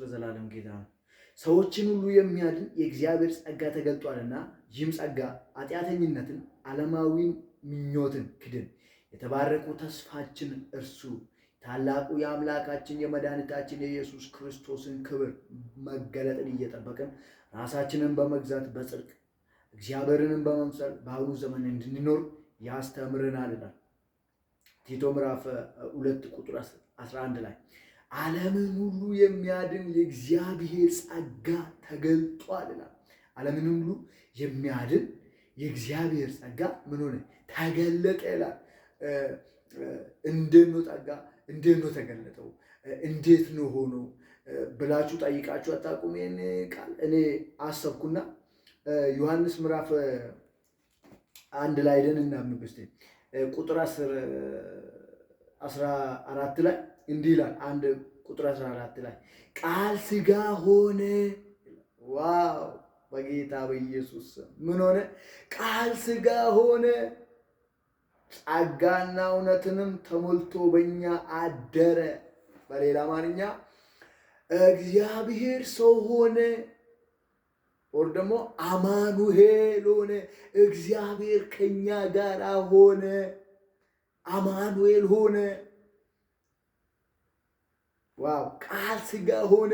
ለዘላለም ጌታ ነው። ሰዎችን ሁሉ የሚያድን የእግዚአብሔር ጸጋ ተገልጧልና፣ ይህም ጸጋ ኃጢአተኝነትን፣ ዓለማዊ ምኞትን ክድን የተባረቁ ተስፋችን እርሱ ታላቁ የአምላካችን የመድኃኒታችን የኢየሱስ ክርስቶስን ክብር መገለጥን እየጠበቅን ራሳችንን በመግዛት በጽድቅ እግዚአብሔርንም በመምሰል በአሁኑ ዘመን እንድንኖር ያስተምረናልና ቲቶ ምዕራፍ ሁለት ቁጥር 11 ላይ ዓለምን ሁሉ የሚያድን የእግዚአብሔር ጸጋ ተገልጧል ይላል። ዓለምን ሁሉ የሚያድን የእግዚአብሔር ጸጋ ምን ሆነ? ተገለጠ ይላል። እንዴት ነው ጸጋ? እንዴት ነው ተገለጠው? እንዴት ነው ሆኖ ብላችሁ ጠይቃችሁ አታውቁም? ይህን ቃል እኔ አሰብኩና ዮሐንስ ምዕራፍ አንድ ላይ ደን እናምንብ ቁጥር አስራ አራት ላይ እንዲህ ይላል አንድ ቁጥር 14 ላይ ቃል ስጋ ሆነ። ዋው! በጌታ በኢየሱስ ምን ሆነ? ቃል ስጋ ሆነ፣ ጸጋና እውነትንም ተሞልቶ በእኛ አደረ። በሌላ አማርኛ እግዚአብሔር ሰው ሆነ፣ ወር ደግሞ አማኑሄል ሆነ። እግዚአብሔር ከኛ ጋር ሆነ፣ አማኑኤል ሆነ። ዋው ቃል ስጋ ሆነ።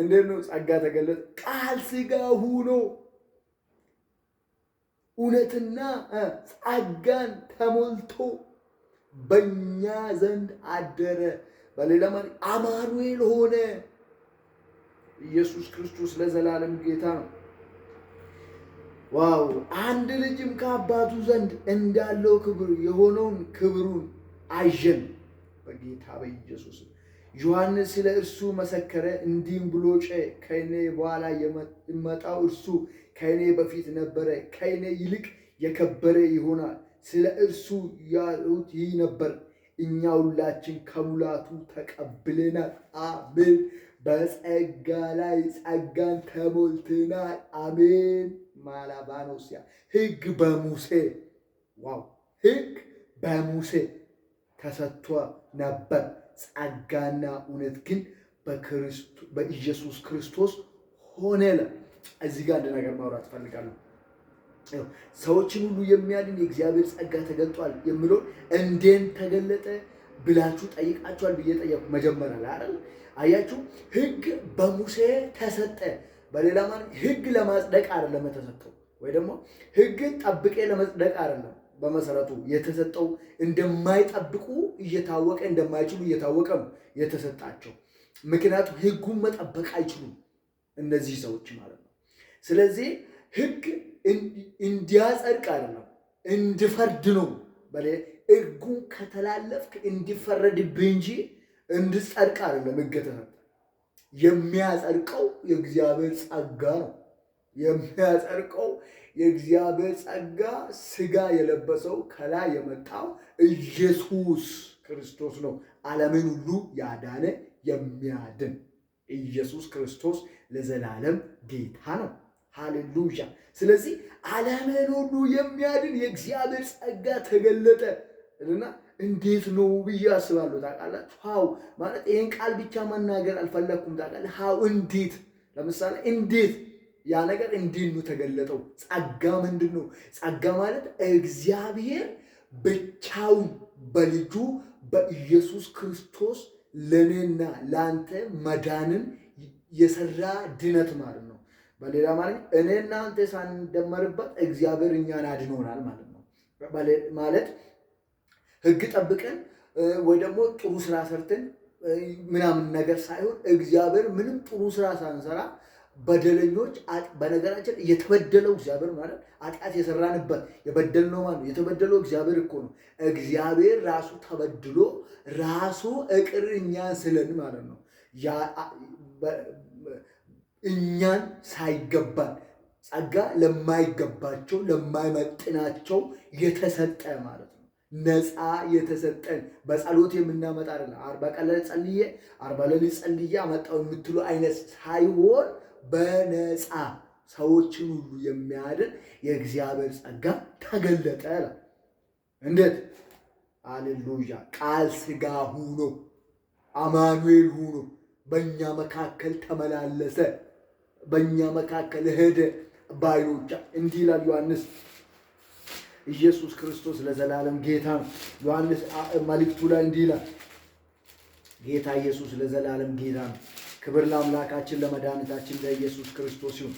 እንዴት ነው ጸጋ ተገለጠ? ቃል ስጋ ሆኖ እውነትና ጸጋን ተሞልቶ በእኛ ዘንድ አደረ። በሌላ ማለት አማኑኤል ሆነ። ኢየሱስ ክርስቶስ ለዘላለም ጌታ ነው። ዋው አንድ ልጅም ከአባቱ ዘንድ እንዳለው ክብር የሆነውን ክብሩን አየን በጌታ በኢየሱስ ዮሐንስ ስለ እርሱ መሰከረ እንዲህም ብሎ ጨ ከእኔ በኋላ የመጣው እርሱ ከእኔ በፊት ነበረ፣ ከእኔ ይልቅ የከበረ ይሆናል። ስለ እርሱ ያሉት ይህ ነበር፣ እኛ ሁላችን ከሙላቱ ተቀብለናል። አሜን። በጸጋ ላይ ጸጋን ተሞልተናል። አሜን። ማላባኖሲያ ህግ በሙሴ ዋው፣ ህግ በሙሴ ተሰጥቶ ነበር። ጸጋና እውነት ግን በኢየሱስ ክርስቶስ ሆነ። እዚህ ጋር አንድ ነገር ማውራት እፈልጋለሁ። ሰዎችን ሁሉ የሚያድን የእግዚአብሔር ጸጋ ተገልጧል የሚለው እንዴን ተገለጠ ብላችሁ ጠይቃችኋል ብዬ ጠየቁ። መጀመሪያ ላይ አይደል አያችሁ፣ ህግ በሙሴ ተሰጠ። በሌላ ማለት ህግ ለማጽደቅ አይደለም የተሰጠው፣ ወይ ደግሞ ህግን ጠብቄ ለመጽደቅ አይደለም በመሰረቱ የተሰጠው እንደማይጠብቁ እየታወቀ እንደማይችሉ እየታወቀ ነው የተሰጣቸው። ምክንያቱም ህጉን መጠበቅ አይችሉም እነዚህ ሰዎች ማለት ነው። ስለዚህ ህግ እንዲያጸድቅ አይደለም እንዲፈርድ ነው። ህጉን ከተላለፍክ እንዲፈረድብህ እንጂ እንድጸድቅ አይደለም ህግ የተሰጠ። የሚያጸድቀው የእግዚአብሔር ጸጋ ነው የሚያጸድቀው የእግዚአብሔር ጸጋ ስጋ የለበሰው ከላይ የመጣው ኢየሱስ ክርስቶስ ነው። ዓለምን ሁሉ ያዳነ የሚያድን ኢየሱስ ክርስቶስ ለዘላለም ጌታ ነው። ሃሌሉያ! ስለዚህ ዓለምን ሁሉ የሚያድን የእግዚአብሔር ጸጋ ተገለጠ እና እንዴት ነው ብዬ አስባለሁ። ታውቃላችሁ፣ ሀው ማለት ይህን ቃል ብቻ መናገር አልፈለግኩም። ታውቃለህ፣ ሀው እንዴት ለምሳሌ እንዴት ያ ነገር እንዲኑ ተገለጠው? ጸጋ ምንድን ነው? ጸጋ ማለት እግዚአብሔር ብቻውን በልጁ በኢየሱስ ክርስቶስ ለእኔና ለአንተ መዳንን የሰራ ድነት ማለት ነው። በሌላ ማለት እኔና አንተ ሳንደመርበት እግዚአብሔር እኛን አድኖናል ማለት ነው። ማለት ሕግ ጠብቀን ወይ ደግሞ ጥሩ ስራ ሰርተን ምናምን ነገር ሳይሆን እግዚአብሔር ምንም ጥሩ ስራ ሳንሰራ በደለኞች በነገራችን የተበደለው እግዚአብሔር ማለት ኃጢአት የሰራንበት የበደልነው ማለት የተበደለው እግዚአብሔር እኮ ነው። እግዚአብሔር ራሱ ተበድሎ ራሱ እቅር እኛን ስለን ማለት ነው። እኛን ሳይገባን ጸጋ ለማይገባቸው ለማይመጥናቸው የተሰጠ ማለት ነው። ነፃ የተሰጠን በጸሎት የምናመጣ አይደለም። አርባ ቀን ጸልዬ አርባ ሌሊት ጸልዬ አመጣው የምትሉ አይነት ሳይሆን በነፃ ሰዎችን ሁሉ የሚያድን የእግዚአብሔር ጸጋ ተገለጠ። እንዴት! አሌሉያ! ቃል ስጋ ሁኖ አማኑኤል ሁኖ በእኛ መካከል ተመላለሰ፣ በእኛ መካከል ሄደ። ባይሎቻ እንዲህ ይላል ዮሐንስ ኢየሱስ ክርስቶስ ለዘላለም ጌታ ነው። ዮሐንስ መልእክቱ ላይ እንዲህ ይላል ጌታ ኢየሱስ ለዘላለም ጌታ ነው። ክብር ለአምላካችን ለመድኃኒታችን ለኢየሱስ ክርስቶስ ይሁን።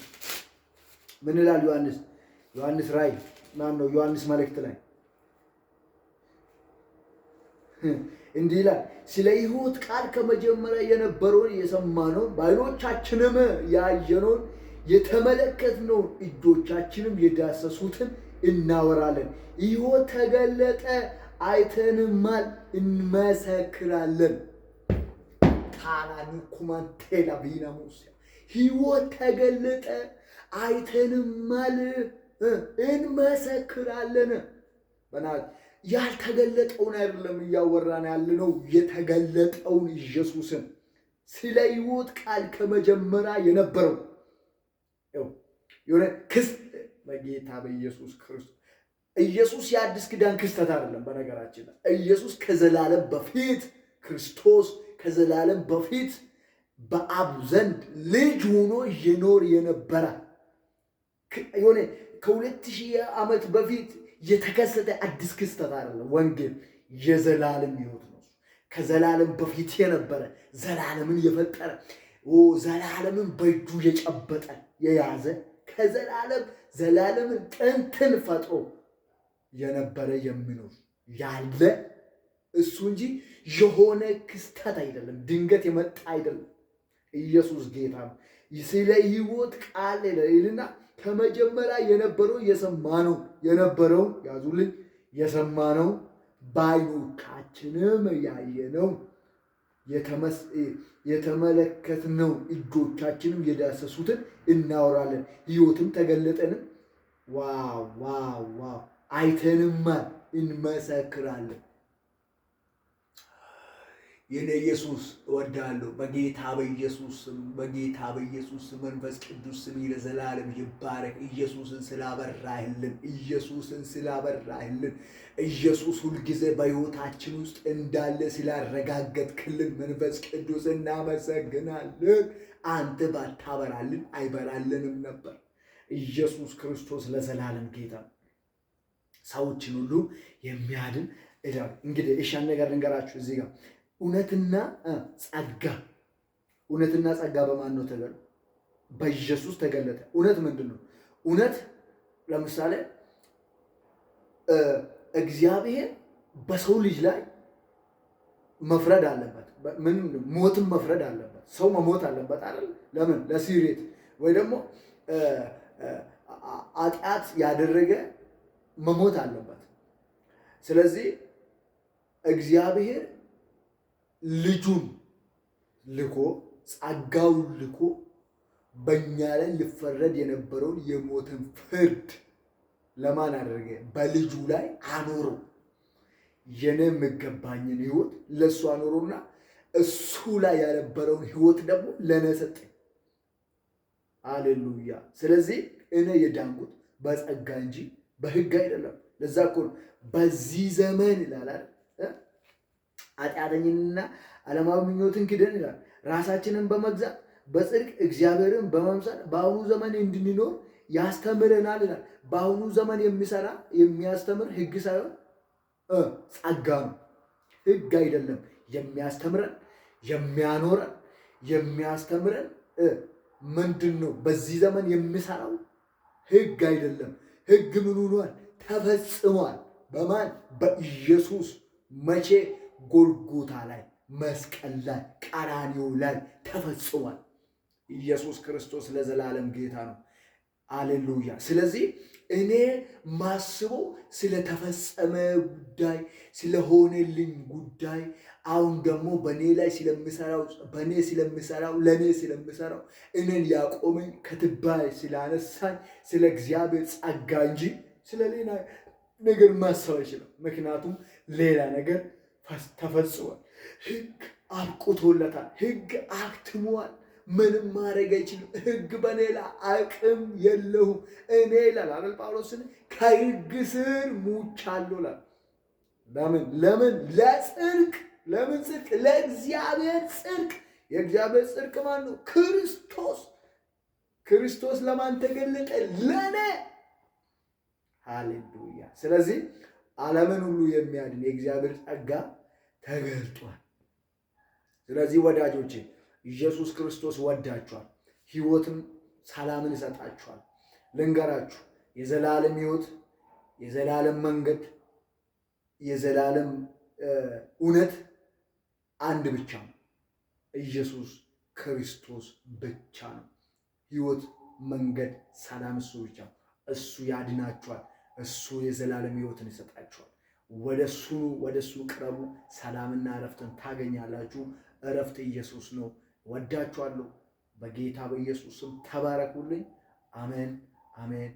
ምን ይላል ዮሐንስ ዮሐንስ ራይ ማን ነው? ዮሐንስ መልእክት ላይ እንዲህ ይላል፣ ስለ ሕይወት ቃል ከመጀመሪያ የነበረውን የሰማነውን በዓይኖቻችንም ያየነውን የተመለከትነውን እጆቻችንም የዳሰሱትን እናወራለን። ሕይወት ተገለጠ፣ አይተንማል፣ እንመሰክራለን። ካላኒኩማን ቴላቪናሙስ ህይወት ተገለጠ። አይተንማል፣ እንመሰክራለን። ያልተገለጠውን አይደለም እያወራን ያለነው የተገለጠውን ኢየሱስን ስለ ህይወት ቃል ከመጀመሪያ የነበረው የሆነ ክስ በጌታ በኢየሱስ ክርስቶስ ኢየሱስ የአዲስ ኪዳን ክስተት አይደለም። በነገራችን ኢየሱስ ከዘላለም በፊት ክርስቶስ ከዘላለም በፊት በአብ ዘንድ ልጅ ሆኖ የኖር የነበረ የሆነ ከሁለት ሺህ ዓመት በፊት የተከሰተ አዲስ ክስተት አይደለም። ወንጌል የዘላለም ሕይወት ነው። ከዘላለም በፊት የነበረ ዘላለምን የፈጠረ ዘላለምን በእጁ የጨበጠ የያዘ ከዘላለም ዘላለምን ጥንትን ፈጥሮ የነበረ የሚኖር ያለ እሱ እንጂ የሆነ ክስተት አይደለም፣ ድንገት የመጣ አይደለም። ኢየሱስ ጌታ ነው። ስለ ህይወት ቃል ይልና ከመጀመሪያ የነበረው የሰማ ነው የነበረው ያዙልኝ የሰማ ነው ባይኖቻችንም ያየነው የተመለከትነው እጆቻችንም የዳሰሱትን እናወራለን። ህይወትም ተገለጠንም ዋው ዋው ዋው አይተንማል፣ እንመሰክራለን። የኔ ኢየሱስ እወዳለሁ። በጌታ በኢየሱስ በጌታ በኢየሱስ መንፈስ ቅዱስ ስም ለዘላለም ይባረክ። ኢየሱስን ስላበራህልን ኢየሱስን ስላበራህልን ኢየሱስ ሁልጊዜ በሕይወታችን ውስጥ እንዳለ ስላረጋገጥክልን መንፈስ ቅዱስ እናመሰግናለን። አንተ ባታበራልን አይበራልንም ነበር። ኢየሱስ ክርስቶስ ለዘላለም ጌታ ሰዎችን ሁሉ የሚያድን እንግዲህ እሻን ነገር ልንገራችሁ እዚህ ጋር እውነትና ጸጋ እውነትና ጸጋ በማን ነው ተገለጠ? በኢየሱስ ተገለጠ። እውነት ምንድን ነው? እውነት ለምሳሌ እግዚአብሔር በሰው ልጅ ላይ መፍረድ አለበት። ምን ሞትም መፍረድ አለበት። ሰው መሞት አለበት አይደል? ለምን ለሲሬት ወይ ደግሞ ኃጢአት ያደረገ መሞት አለበት። ስለዚህ እግዚአብሔር ልጁን ልኮ ጸጋውን ልኮ በእኛ ላይ ሊፈረድ የነበረውን የሞትን ፍርድ ለማን አደረገ? በልጁ ላይ አኖሮ የኔ የሚገባኝን ህይወት ለእሱ አኖረውና እሱ ላይ ያነበረውን ህይወት ደግሞ ለእኔ ሰጠኝ። አሌሉያ። ስለዚህ እኔ የዳንኩት በጸጋ እንጂ በህግ አይደለም። ለዛ እኮ በዚህ ዘመን ይላላል። ኃጢአተኝንና ዓለማዊ ምኞትን ክደን ይላል። ራሳችንን በመግዛት በጽድቅ እግዚአብሔርን በመምሰል በአሁኑ ዘመን እንድንኖር ያስተምረናል ይላል። በአሁኑ ዘመን የሚሰራ የሚያስተምር ህግ ሳይሆን ጸጋ ነው፣ ህግ አይደለም። የሚያስተምረን የሚያኖረን የሚያስተምረን ምንድን ነው? በዚህ ዘመን የሚሰራው ህግ አይደለም። ህግ ምን ሆኗል? ተፈጽሟል። በማን በኢየሱስ መቼ ጎልጎታ ላይ መስቀል ላይ ቀራኒው ላይ ተፈጽሟል። ኢየሱስ ክርስቶስ ለዘላለም ጌታ ነው። አሌሉያ። ስለዚህ እኔ ማስበው ስለተፈጸመ ጉዳይ ስለሆነልኝ ጉዳይ አሁን ደግሞ በእኔ ላይ ስለምሰራው በእኔ ስለምሰራው ለእኔ ስለምሰራው እኔን ያቆመኝ ከትባይ ስላነሳኝ ስለ እግዚአብሔር ጸጋ እንጂ ስለ ሌላ ነገር ማሰብ አይችልም። ምክንያቱም ሌላ ነገር ተፈጽሟል። ህግ አብቁቶለታል ህግ አክትሟል። ምንም ማድረግ አይችልም። ህግ በሌላ አቅም የለሁም እኔ ይላል አለል ጳውሎስን ከህግ ስር ሙቻለሁ ላል ለምን ለምን ለጽድቅ ለምን ጽድቅ ለእግዚአብሔር ጽድቅ የእግዚአብሔር ጽድቅ ማን ነው? ክርስቶስ ክርስቶስ ለማን ተገለጠ? ለእኔ ሃሌሉያ። ስለዚህ ዓለምን ሁሉ የሚያድን የእግዚአብሔር ጸጋ ተገልጧል። ስለዚህ ወዳጆቼ ኢየሱስ ክርስቶስ ወዳችኋል፣ ሕይወትም ሰላምን ይሰጣችኋል። ልንገራችሁ የዘላለም ሕይወት፣ የዘላለም መንገድ፣ የዘላለም እውነት አንድ ብቻ ነው። ኢየሱስ ክርስቶስ ብቻ ነው። ሕይወት፣ መንገድ፣ ሰላም እሱ ብቻ ነው። እሱ ያድናችኋል። እሱ የዘላለም ህይወትን ይሰጣችኋል። ወደ እሱ ወደ እሱ ቅረቡ፣ ሰላምና እረፍትን ታገኛላችሁ። እረፍት ኢየሱስ ነው። ወዳችኋለሁ። በጌታ በኢየሱስም ተባረኩልኝ። አሜን አሜን።